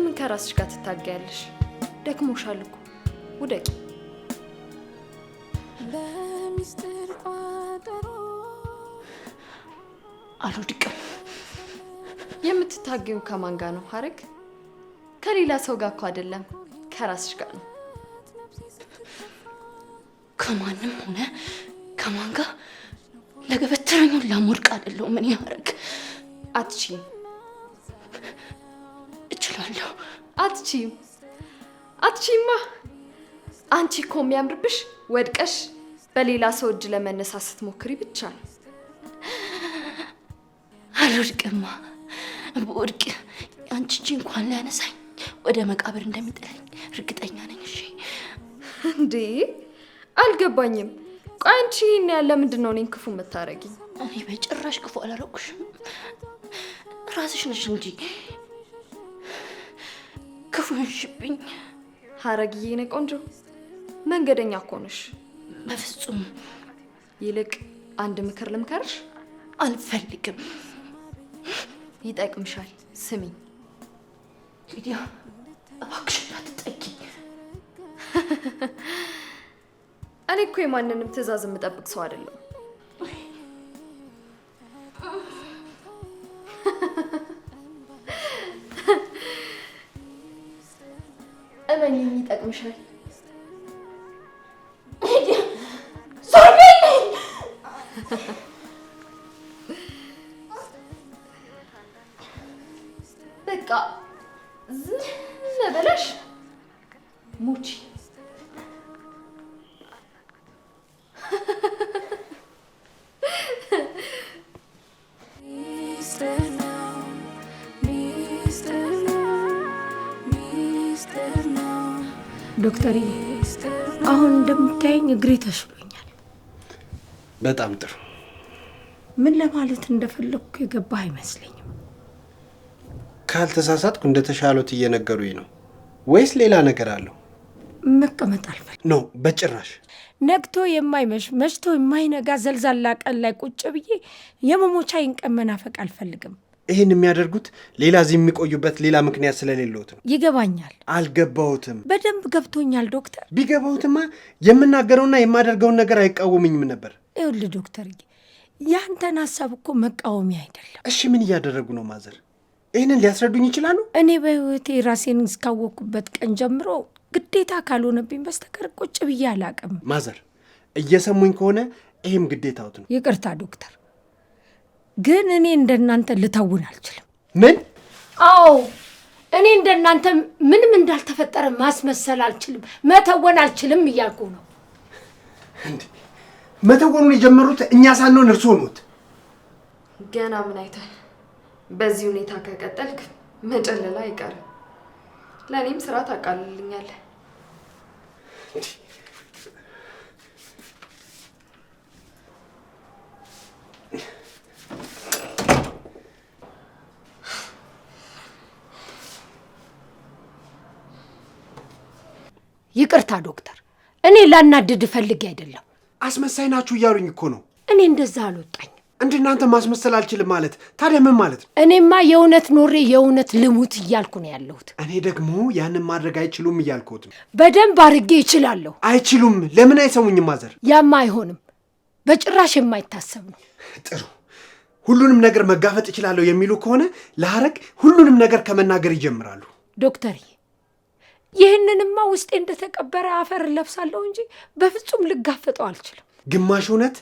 ለምን ከራስሽ ጋር ትታገያለሽ? ደክሞሻል እኮ ውደቂ። በሚስጥር ቋጠሮ አልወድቅም። የምትታገዩ ከማን ጋር ነው ሐረግ? ከሌላ ሰው ጋር እኮ አይደለም፣ ከራስሽ ጋር ነው። ከማንም ሆነ ከማን ጋር ለገበተረኙን ላሞድቅ አይደለሁም ምን ያረግ አትችይም አትችይም። አትችይማ። አንቺ እኮ የሚያምርብሽ ወድቀሽ በሌላ ሰው እጅ ለመነሳት ስትሞክሪ ብቻ ነው። አልወድቅማ። በወድቅ አንቺ እጅ እንኳን ሊያነሳኝ ወደ መቃብር እንደሚጠለኝ እርግጠኛ ነኝ። እሺ። እንዴ አልገባኝም። ቆይ አንቺ ይህን ያለ ምንድን ነው እኔን ክፉ የምታረጊኝ? እኔ በጭራሽ ክፉ አላረኩሽም። ራስሽ ነሽ እንጂ ሆንሽብኝ። ሀረግዬ የኔ ቆንጆ መንገደኛ እኮ ነሽ። በፍጹም ይልቅ አንድ ምክር ልምከርሽ። አልፈልግም። ይጠቅምሻል። ስሚኝ ሊዲያ፣ እባክሽ እንዳትጠጊ። እኔ እኮ የማንንም ትዕዛዝ የምጠብቅ ሰው አይደለም። ለእኔ ይጠቅምሻል። በጣም ጥሩ። ምን ለማለት እንደፈለግኩ የገባህ አይመስለኝም። ካልተሳሳትኩ እንደተሻሎት እየነገሩኝ ነው ወይስ ሌላ ነገር አለው? መቀመጥ አልፈልግም። ኖ በጭራሽ። ነግቶ የማይመሽ መሽቶ የማይነጋ ዘልዛላ ቀን ላይ ቁጭ ብዬ የመሞቻዬን ቀን መናፈቅ አልፈልግም። ይህን የሚያደርጉት ሌላ እዚህ የሚቆዩበት ሌላ ምክንያት ስለሌለዎት ነው። ይገባኛል። አልገባውትም በደንብ ገብቶኛል ዶክተር። ቢገባዎትማ የምናገረውና የማደርገውን ነገር አይቃወምኝም ነበር። ይኸውልህ ዶክተርዬ ያንተን ሀሳብ እኮ መቃወሚያ አይደለም። እሺ ምን እያደረጉ ነው ማዘር? ይህንን ሊያስረዱኝ ይችላሉ? እኔ በህይወቴ ራሴን እስካወቅኩበት ቀን ጀምሮ ግዴታ ካልሆነብኝ በስተቀር ቁጭ ብዬ አላቅም። ማዘር እየሰሙኝ ከሆነ ይህም ግዴታዎት ነው። ይቅርታ ዶክተር፣ ግን እኔ እንደናንተ ልተውን አልችልም። ምን? አዎ እኔ እንደናንተ ምንም እንዳልተፈጠረ ማስመሰል አልችልም፣ መተወን አልችልም እያልኩ ነው። መተወኑን የጀመሩት እኛ ሳንሆን እርስዎ ኖት። ገና ምን አይተህ በዚህ ሁኔታ ከቀጠልክ መጨለላ አይቀርም። ለእኔም ስራ ታቃልልኛለህ። ይቅርታ ዶክተር፣ እኔ ላናድድ እፈልጌ አይደለም አስመሳይ ናችሁ እያሉኝ እኮ ነው። እኔ እንደዛ አልወጣኝም። እንደናንተ ማስመሰል አልችልም ማለት ታዲያ ምን ማለት ነው? እኔማ የእውነት ኖሬ የእውነት ልሙት እያልኩ ነው ያለሁት። እኔ ደግሞ ያንን ማድረግ አይችሉም እያልኩት ነው። በደንብ አድርጌ ይችላለሁ። አይችሉም። ለምን አይሰሙኝም? ማዘር፣ ያማ አይሆንም። በጭራሽ የማይታሰብ ነው። ጥሩ ሁሉንም ነገር መጋፈጥ እችላለሁ የሚሉ ከሆነ ለሐረግ ሁሉንም ነገር ከመናገር ይጀምራሉ። ዶክተርዬ ይህንንማ ውስጤ እንደተቀበረ አፈር ለብሳለሁ እንጂ በፍጹም ልጋፈጠው አልችልም። ግማሽ እውነት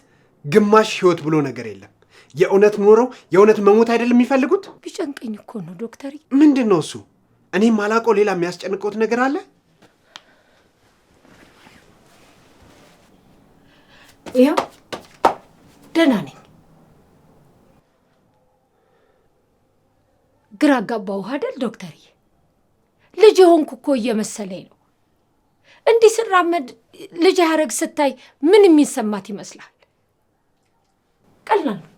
ግማሽ ህይወት ብሎ ነገር የለም። የእውነት ኖረው የእውነት መሞት አይደለም የሚፈልጉት። ቢጨንቀኝ እኮ ነው ዶክተር። ምንድን ነው እሱ? እኔም አላውቀው። ሌላ የሚያስጨንቀውት ነገር አለ? ይኸው ደህና ነኝ። ግራ ጋባ ውሃ አይደል ዶክተርዬ? ልጅ የሆንኩ እኮ እየመሰለኝ ነው። እንዲህ ስራመድ ልጅ ያረግ ስታይ ምን የሚሰማት ይመስላል? ቀላል ነው።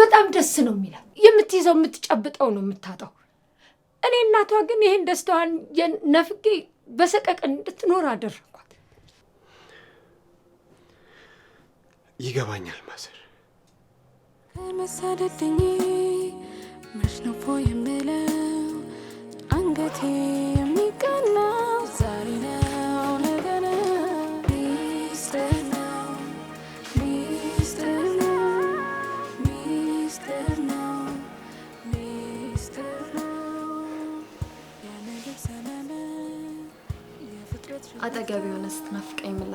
በጣም ደስ ነው የሚላት። የምትይዘው የምትጨብጠው ነው የምታጣው። እኔ እናቷ ግን ይህን ደስታዋን ነፍጌ በሰቀቅን እንድትኖር አደረግኳት። ይገባኛል ማዘር መሳደድኝ መሽነፎ የምለው አንገቴ የሚቀናው ዛሬ ነው አጠገብ የሆነ ስትናፍቀኝ ምን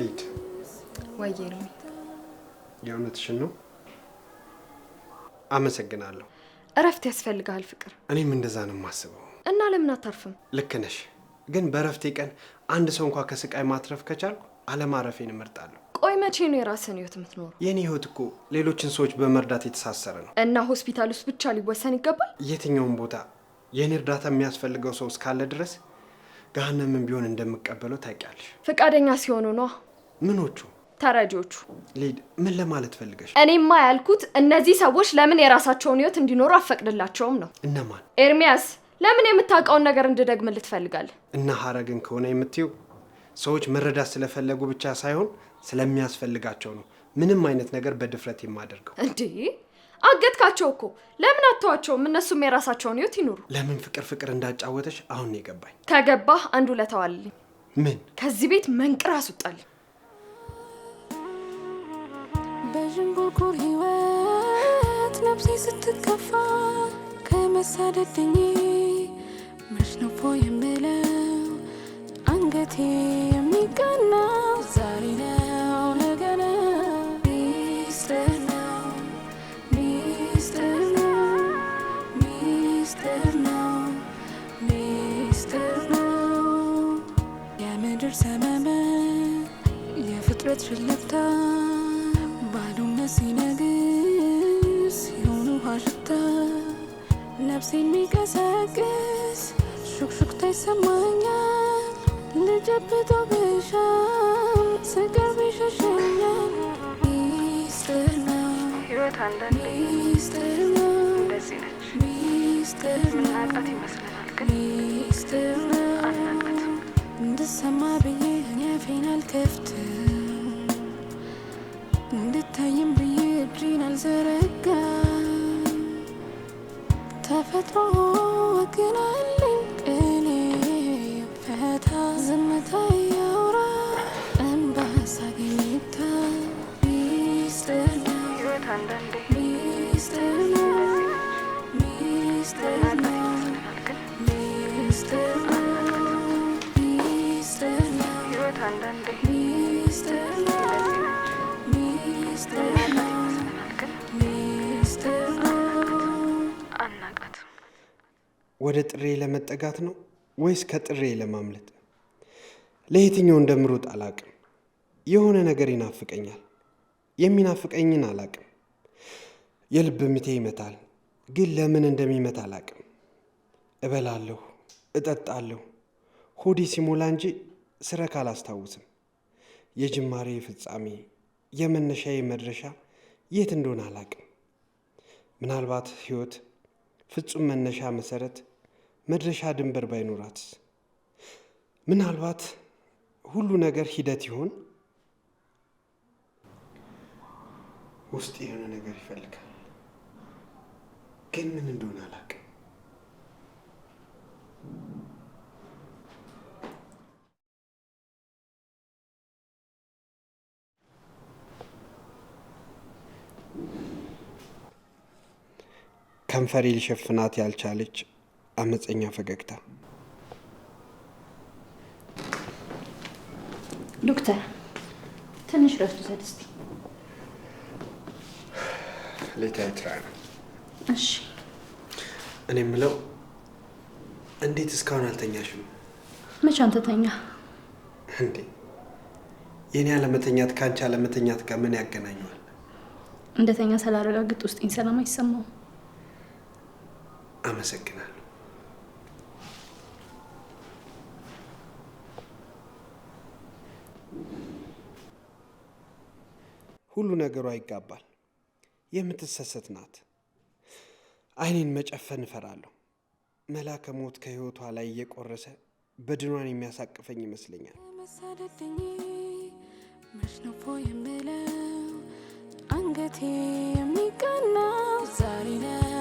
ሊድ ወይዬ ነው የእውነትሽን ነው አመሰግናለሁ እረፍት ያስፈልግሃል ፍቅር። እኔም እንደዛ ነው የማስበው። እና ለምን አታርፍም? ልክ ነሽ፣ ግን በእረፍቴ ቀን አንድ ሰው እንኳ ከስቃይ ማትረፍ ከቻልኩ አለማረፌን እመርጣለሁ። ቆይ መቼ ነው የራስን ህይወት የምትኖሩ? የኔ ህይወት እኮ ሌሎችን ሰዎች በመርዳት የተሳሰረ ነው። እና ሆስፒታል ውስጥ ብቻ ሊወሰን ይገባል? የትኛውም ቦታ የእኔ እርዳታ የሚያስፈልገው ሰው እስካለ ድረስ ገሃነምን ቢሆን እንደምቀበለው ታውቂያለሽ። ፈቃደኛ ሲሆኑ ነዋ። ምኖቹ ተረጆቹ። ሊድ፣ ምን ለማለት ፈልገሽ? እኔማ ያልኩት እነዚህ ሰዎች ለምን የራሳቸውን ህይወት እንዲኖሩ አፈቅድላቸውም ነው። እነማን? ኤርሚያስ፣ ለምን የምታውቀውን ነገር እንድደግምልህ ትፈልጋለህ? እና ሀረግን ከሆነ የምትይው ሰዎች መረዳት ስለፈለጉ ብቻ ሳይሆን ስለሚያስፈልጋቸው ነው። ምንም አይነት ነገር በድፍረት የማደርገው እንዴ? አገትካቸው እኮ ለምን አተዋቸውም? እነሱም የራሳቸውን ህይወት ይኑሩ። ለምን ፍቅር ፍቅር እንዳጫወተሽ አሁን የገባኝ። ከገባህ አንዱ ለተዋልልኝ ምን ከዚህ ቤት መንቅር አስወጣልኝ። በዥንጉርጉር ህይወት ነፍሴ ስትከፋ ከመሳደድ ድኜ መሽነፎ የምለው አንገቴ የሚቀና ዛሬ ነው ነገ ነው ሚስጥር ነው ሚስጥር ነው ሚስጥር ነው ሚስጥር ነው የምድር ሰመመ የፍጥረት ሽልፍታ ሲነግስ የሆኑ ሀሽታ ነፍሴ የሚቀሰቅስ ሹክሹክታ ይሰማኛል። ልጨብጦ ብሻም ስቀርብ ይሸሸኛል። ሚስጥር ነው ሚስጥር ነው ሚስጥር ሚስጥር ነው እንድሰማ ብዬ አፌን ክፍት! ዘረጋ ተፈጥሮ ወግናለኝ ቅኔ ፈታ ዝምታ ወደ ጥሬ ለመጠጋት ነው ወይስ ከጥሬ ለማምለጥ? ለየትኛው እንደምሮጥ አላቅም። የሆነ ነገር ይናፍቀኛል። የሚናፍቀኝን አላቅም። የልብ ምቴ ይመታል፣ ግን ለምን እንደሚመታ አላቅም። እበላለሁ፣ እጠጣለሁ፣ ሆዴ ሲሞላ እንጂ ስረካ አላስታውስም። የጅማሬ ፍጻሜ፣ የመነሻዬ መድረሻ የት እንደሆነ አላቅም። ምናልባት ህይወት ፍጹም መነሻ መሰረት፣ መድረሻ ድንበር ባይኖራት ምናልባት ሁሉ ነገር ሂደት ይሆን? ውስጥ የሆነ ነገር ይፈልጋል፣ ግን ምን እንደሆነ አላውቅም። ከንፈሬ ሊሸፍናት ያልቻለች አመፀኛ ፈገግታ። ዶክተር ትንሽ ረፍት ውሰድ እስኪ። ትራ ነው። እሺ እኔ የምለው እንዴት እስካሁን አልተኛሽም? መቼ አንተ ተኛ እንዴ? የእኔ አለመተኛት ከአንቺ አለመተኛት ጋር ምን ያገናኘዋል? እንደተኛ ስላረጋግጥ ውስጤን ሰላም አይሰማውም። አመሰግናለሁ። ሁሉ ነገሯ ይጋባል። የምትሰሰት ናት። አይኔን መጨፈን እፈራለሁ። መላከ ሞት ከህይወቷ ላይ እየቆረሰ በድኗን የሚያሳቅፈኝ ይመስለኛል። መሳደድኝ መሽነፎ የምለው አንገቴ የሚቀናው ዛሬ ነው።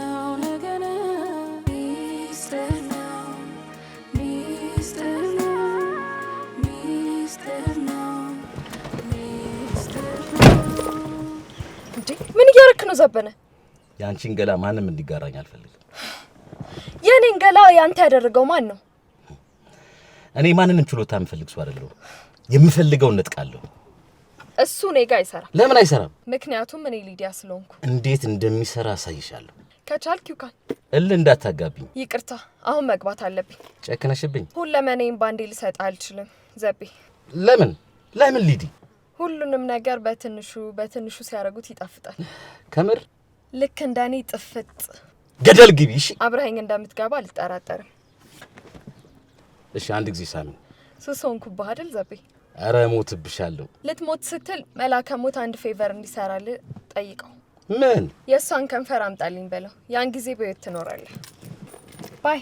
እንዴ ምን እያረክ ነው ዘበነ? የአንቺን ገላ ማንም እንዲጋራኝ አልፈልግም። የእኔን ገላ ያንተ ያደረገው ማን ነው? እኔ ማንንም ችሎታ የምፈልግ ሰው አይደለሁ። የምፈልገውን ነጥቃለሁ። እሱ እኔ ጋ አይሰራም። ለምን አይሰራም? ምክንያቱም እኔ ሊዲያ ስለሆንኩ። እንዴት እንደሚሰራ አሳይሻለሁ። ከቻልክ ይውካል። እልህ እንዳታጋብኝ። ይቅርታ፣ አሁን መግባት አለብኝ። ጨክነሽብኝ። ሁለመኔን ባንዴ ልሰጥ አልችልም ዘቤ። ለምን ለምን ሊዲ ሁሉንም ነገር በትንሹ በትንሹ ሲያደርጉት ይጣፍጣል። ከምር ልክ እንደኔ ጥፍጥ ገደል ግቢ። እሺ አብረኸኝ እንደምትገባ አልጠራጠርም። እሺ አንድ ጊዜ ሳሚ ሱስ ኩባህ አይደል ዘቤ? ኧረ ሞትብሻለሁ። ልትሞት ስትል መላከ ሞት አንድ ፌቨር እንዲሰራል ጠይቀው። ምን? የእሷን ከንፈር አምጣልኝ በለው። ያን ጊዜ በሕይወት ትኖራለህ። ባይ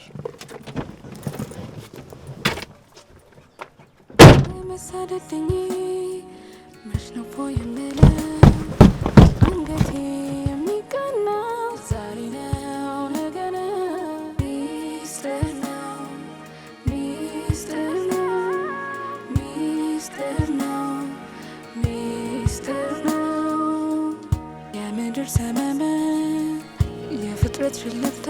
መሳደድኝ ነው ፎይ የምለው አንገቴ የሚቀናው ዛሬ ነው ነገ ነው ሚስጥር ነው ሚስጥር ነው ሚስጥር ነው ሚስጥር ነው የምድር ሰመመን የፍጥረት ሽልፍታ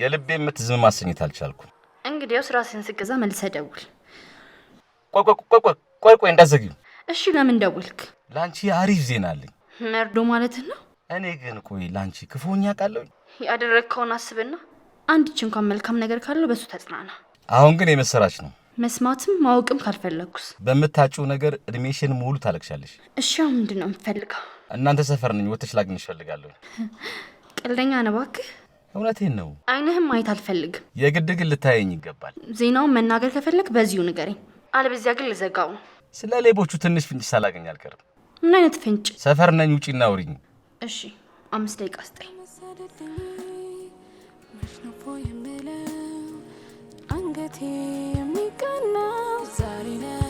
የልቤ የምትዝም ማሰኘት አልቻልኩም። እንግዲያው ስራሴን ስገዛ መልሰህ ደውል። ቆይ ቆይ እንዳዘግዩ። እሺ ለምን ደውልክ? ለአንቺ አሪፍ ዜና አለኝ። መርዶ ማለት ነው። እኔ ግን ቆይ ለአንቺ ክፉኛ ቃለሁ። ያደረግከውን አስብና አንድች እንኳን መልካም ነገር ካለው በሱ ተጽናና። አሁን ግን የመሰራች ነው። መስማትም ማወቅም ካልፈለግኩስ በምታጭው ነገር እድሜሽን ሙሉ ታለቅሻለሽ። እሺ ምንድን ነው የምፈልገው? እናንተ ሰፈር ነኝ ወተሽ ላግኝ እፈልጋለሁ። ቀልደኛ ነህ እባክህ። እውነቴን ነው። አይንህም ማየት አልፈልግም። የግድ ግን ልታየኝ ይገባል። ዜናውን መናገር ከፈለግ በዚሁ ንገረኝ፣ አለበዚያ ግን ልዘጋው። ስለ ሌቦቹ ትንሽ ፍንጭ ሳላገኝ አልቀርም። ምን አይነት ፍንጭ? ሰፈር ነኝ፣ ውጪ እናውሪኝ። እሺ፣ አምስት ደቂቃ ስጠኝ። አንገቴ የሚቀናው ዛሬ ነው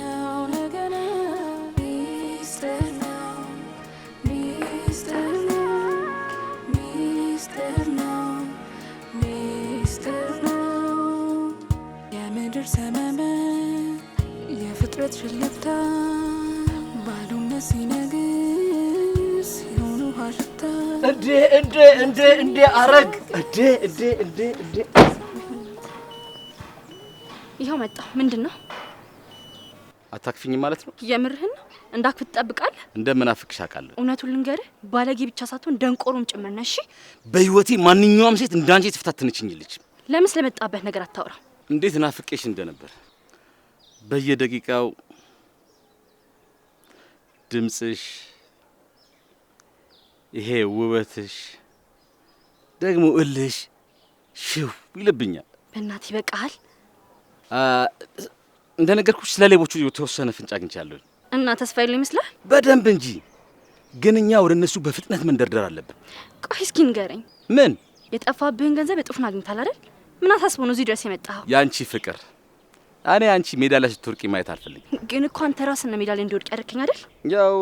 ሸለብታ ባዶነት ሲነግስ የሆኑ ሀሽታ እንዴ እንዴ እንዴ እንዴ አረግ እንዴ እንዴ እንዴ እንዴ ይኸው መጣ። ምንድን ነው አታክፍኝ ማለት ነው? የምርህን ነው? እንዳክፍት ትጠብቃለህ? እንደምናፍቅሽ አውቃለሁ። እውነቱን ልንገርህ ባለጌ ብቻ ሳትሆን ደንቆሮም ጭምር ነሽ። በህይወቴ ማንኛውም ሴት እንዳንቺ የተፈታተነችኝልች። ለምን ስለመጣበት ነገር አታውራ። እንዴት ናፍቄሽ እንደነበር በየደቂቃው ድምፅሽ፣ ይሄ ውበትሽ፣ ደግሞ እልሽ ሽው ይልብኛል። በእናት ይበቃል። እንደ ነገርኩሽ ስለ ሌቦቹ የተወሰነ ፍንጭ አግኝቻለሁኝ እና ተስፋ ይሉ ይመስላል። በደንብ እንጂ ግን እኛ ወደ እነሱ በፍጥነት መንደርደር አለብን። ቆይ እስኪ ንገረኝ። ምን? የጠፋብህን ገንዘብ የጥፉን አግኝታል አይደል? ምን አሳስቦ ነው እዚህ ድረስ የመጣኸው? ያንቺ ፍቅር እኔ አንቺ ሜዳ ላይ ስትወርቂ ማየት አልፈልግም። ግን እኮ አንተ ራስህ ነው ሜዳ ላይ እንዲወድቅ ያደረከኝ አይደል? ያው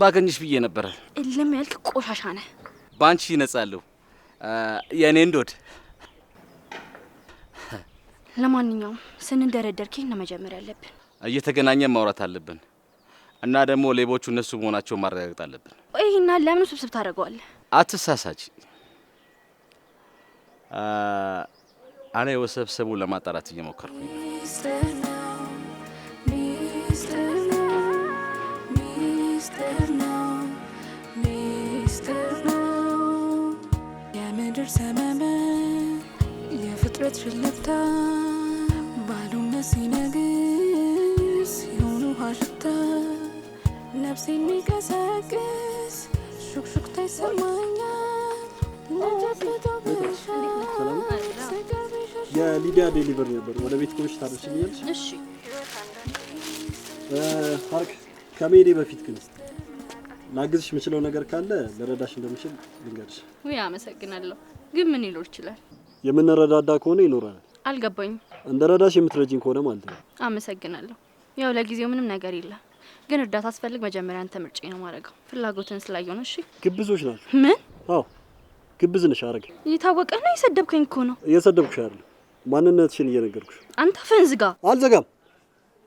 ባገኝሽ ብዬ ነበረ። እልም ያልክ ቆሻሻ ነህ። በአንቺ ይነጻለሁ የእኔ እንዶድ። ለማንኛውም ስንደረደር ኬን ነው መጀመሪያ ያለብን። እየተገናኘ ማውራት አለብን እና ደግሞ ሌቦቹ እነሱ መሆናቸውን ማረጋገጥ አለብን። ይህና ለምን ስብስብ ታደርገዋለህ? አትሳሳች አነ የወሰብሰቡን ለማጣራት እየሞከርኩኝ ነው። የፍጥረት ሽለታ ባሉነት ሲነግስ የሆኑ ሀሽታ ነፍሴ የሚቀሰቅስ ሹክሹክታ ይሰማኛል። የሊቢያ ዴሊቨሪ ነበር። ወደ ቤት ኮሽ ታደርስልኛለሽ? እሺ። ሀርክ ከመሄዴ በፊት ግን ላግዝሽ የምችለው ነገር ካለ ልረዳሽ እንደምችል ልንገርሽ። ውይ አመሰግናለሁ። ግን ምን ይኖር ይችላል? የምንረዳዳ ከሆነ ይኖራል። አልገባኝም። እንደ ረዳሽ የምትረጂኝ ከሆነ ማለት ነው። አመሰግናለሁ። ያው ለጊዜው ምንም ነገር የለም፣ ግን እርዳታ አስፈልግ መጀመሪያ አንተ ምርጬ ነው ማድረገው። ፍላጎትን ነው። እሺ። ግብዞች ናቸው። ምን? አዎ ግብዝ ነሽ። አረግ የታወቀ ነው። የሰደብከኝ እኮ ነው። እየሰደብኩሽ አይደለም ማንነትሽን እየነገርኩሽ። አንተ ፈንዝጋ አልዘጋም።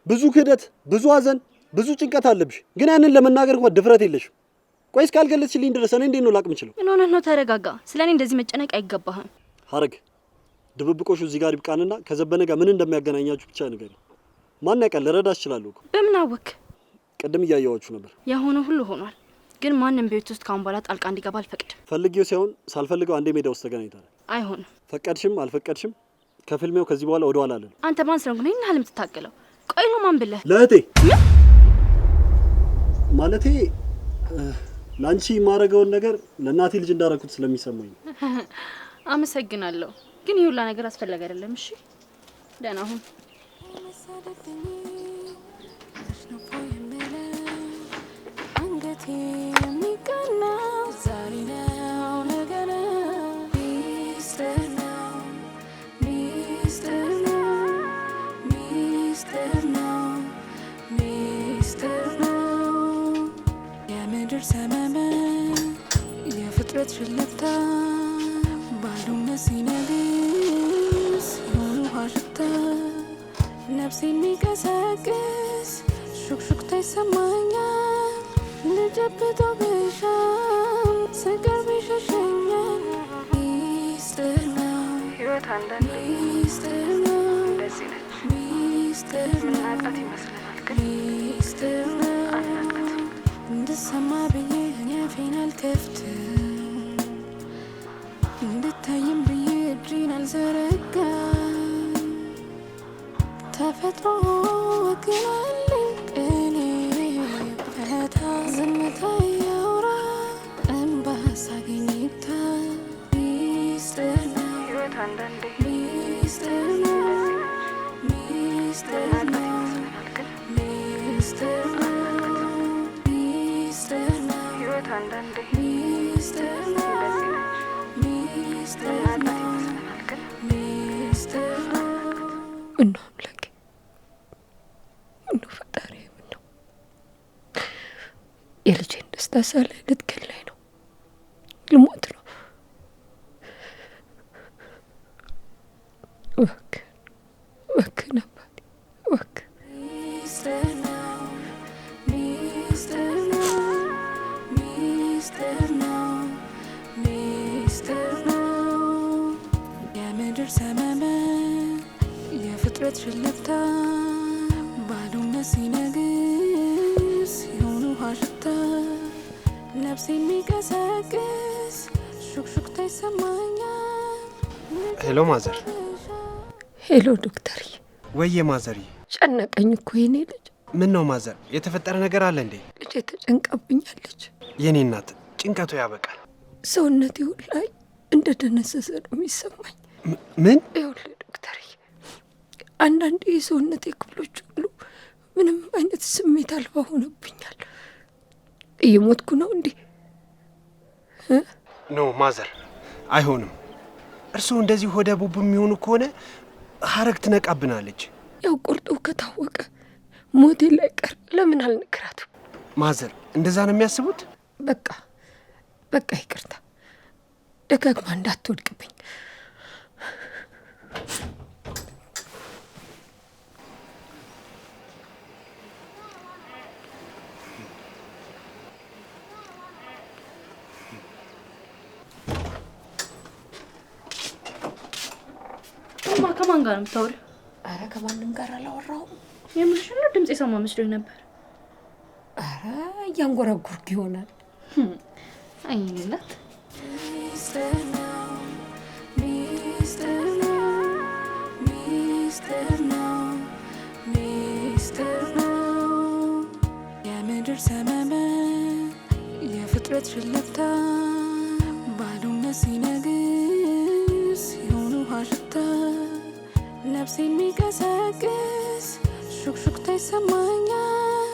ብዙ ክህደት፣ ብዙ ሐዘን፣ ብዙ ጭንቀት አለብሽ፣ ግን ያንን ለመናገር እንኳን ድፍረት የለሽም። ቆይ እስካልገለጽሽልኝ ድረስ እኔ እንዴት ነው ላቅም እችለው? ምን ሆነህ ነው? ተረጋጋ። ስለ እኔ እንደዚህ መጨነቅ አይገባህም። ሐረግ ድብብቆሹ እዚህ ጋር ይብቃንና ከዘበነ ጋር ምን እንደሚያገናኛችሁ ብቻ ንገሪ። ማን ያውቃል? ልረዳሽ እችላለሁ እኮ። በምን አወክ? ቅድም እያየዋችሁ ነበር። የሆነ ሁሉ ሆኗል፣ ግን ማንም ቤት ውስጥ ካሁን በኋላ ጣልቃ እንዲገባ አልፈቅድም። ፈልጌው ሳይሆን ሳልፈልገው አንዴ ሜዳ ውስጥ ተገናኝተናል። አይሆንም። ፈቀድሽም አልፈቀድሽም ከፊልሜው ከዚህ በኋላ ወደ ኋላ አለን። አንተ ማን ስለሆንክ ነው ይህን ያህል የምትታገለው? ቆይ ነው ማን ብለህ ለእህቴ ማለቴ ለአንቺ የማደርገውን ነገር ለእናቴ ልጅ እንዳደረኩት ስለሚሰማኝ አመሰግናለሁ። ግን ይህ ሁላ ነገር አስፈላጊ አይደለም። እሺ ደህና ሁን። አንገቴ የሚቀና አትታይም ብዬ እጅን አልዘረጋ ተፈጥሮ ወግናል ቅኔ ፈታ ዝምታ ያውራ እንባ ሳገኝታ አንዳንዴ ምነው አምላኬ፣ ምነው ፈጣሪ፣ ምነው የልጄን ደስታ ሳላይ አለው ዶክተር ወየ ማዘሪ፣ ጨነቀኝ እኮ የኔ ልጅ። ምን ነው ማዘር፣ የተፈጠረ ነገር አለ እንዴ? ልጄ ተጨንቃብኛለች። የኔ እናት፣ ጭንቀቱ ያበቃል። ይሁን ላይ እንደ ደነሰሰ ነው የሚሰማኝ። ምን ይሁል ዶክተር፣ አንዳንድ የሰውነቴ ክፍሎች ሁሉ ምንም አይነት ስሜት አልባ ሆነብኛል። እየሞትኩ ነው እንዴ? ኖ ማዘር፣ አይሆንም። እርስዎ እንደዚህ ሆደ ቡብ የሚሆኑ ከሆነ ሀረግ ትነቃብናለች። ያው ቁርጡ ከታወቀ ሞቴ ቀር ለምን አልነግራትም? ማዘር እንደዛ ነው የሚያስቡት። በቃ በቃ ይቅርታ፣ ደጋግማ እንዳትወድቅብኝ። እማ ከማን ጋር ነው የምታወሪው? አረ ከማንም ጋር አላወራሁም። የምርሽን ነው? ድምፅ የሰማ መስሎኝ ነበር። አረ እያንጎራጉርክ ይሆናል። አይንላት የምድር ሰመመ የፍጥረት ሽለታ ባዶነት ሲነግር ነፍሴ የሚቀሰቅስ ሹክሹክታ ይሰማኛል።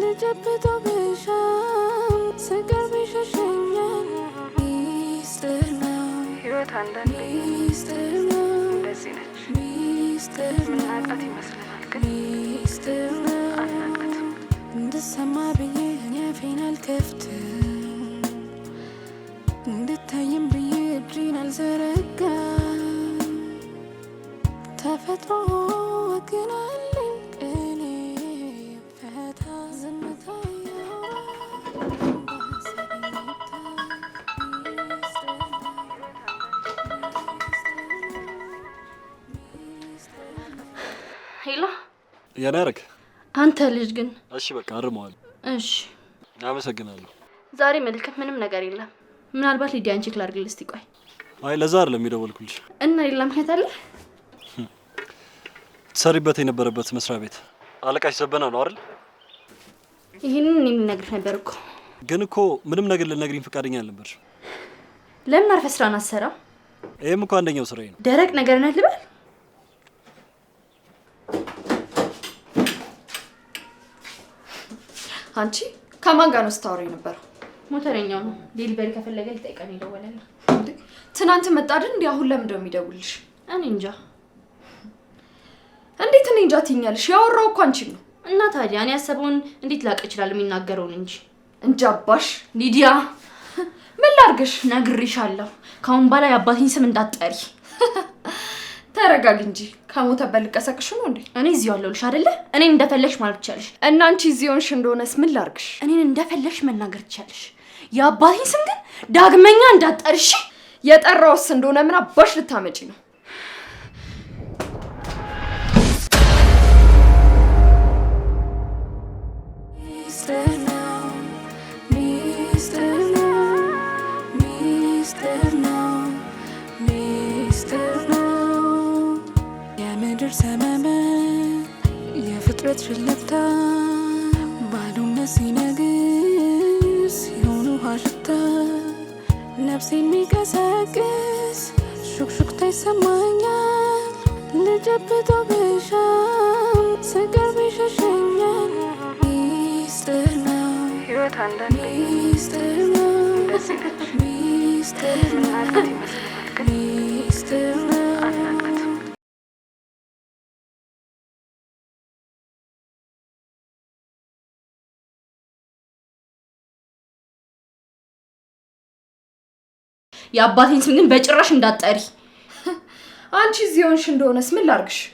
ልጨብጠው ብሻም ስቀርብ ይሸሸኛል። ሚስጥር ነው ሕይወት አንዳንዴ የኔ አረግ አንተ ልጅ ግን እሺ፣ በቃ አርመዋል። እሺ፣ አመሰግናለሁ። ዛሬ መልክት ምንም ነገር የለም። ምናልባት ሊዲ አንቺ ክላርግ ልስት ቆይ። አይ ለዛ አይደለም የደወልኩልሽ። እና ሌላ ምክንያት አለ? ትሰሪበት የነበረበት መስሪያ ቤት አለቃሽ ዘበና ነው አይደል? ይህንን እኔ የምነግርሽ ነበር እኮ። ግን እኮ ምንም ነገር ልነግሪኝ ፈቃደኛ አልነበርሽ። ለምን አርፈ ስራን አሰራው? ይህም እኮ አንደኛው ስራዬ ነው። ደረቅ ነገር ነህ ልበል አንቺ ከማን ጋር ነው ስታወሪ የነበረው? ሞተረኛው ነው። ዴሊቨሪ ከፈለገ ሊጠይቀን ይደወላል። ትናንት መጣድን እንዲ አሁን ለምንድነው የሚደውልሽ? እኔ እንጃ። እንዴት እኔ እንጃ ትይኛለሽ? ያወራው እኮ አንቺን ነው። እና ታዲያ እኔ ያሰበውን እንዴት ላቅ ይችላል? የሚናገረውን እንጂ እንጃባሽ። አባሽ ሊዲያ፣ ምን ላርግሽ? ነግሬሻለሁ። ከአሁን በላይ አባትኝ ስም እንዳትጠሪ። ተረጋግ እንጂ ከሞተበት ልቀሰቅሽ ነው እንዴ? እኔ እዚሁ አለሁልሽ አይደለ? እኔን እንደፈለሽ ማለት ትችያለሽ። እና አንቺ እዚህ ሆንሽ እንደሆነስ ምን ላርግሽ? እኔን እንደፈለሽ መናገር ትችያለሽ። የአባቴን ስም ግን ዳግመኛ እንዳትጠሪ የጠራውስ እንደሆነ ምን አባሽ ልታመጪ ነው? ሰመመ የፍጥረት ሽለታ ባዶነት ሲነግስ የሆኑ ሀሽታ ነፍስ የሚቀሰቅስ ሹክሹክታ ይሰማኛል ልጨብጦ ብሻም ስቀርብ ይሸሸኛል ሚስጥር ነው ህይወት አንዳንድ ሚስጥር ነው ሚስጥር ነው የአባቴን ስም ግን በጭራሽ እንዳጠሪ አንቺ እዚህ ሆንሽ እንደሆነስ ምን ላርግሽ?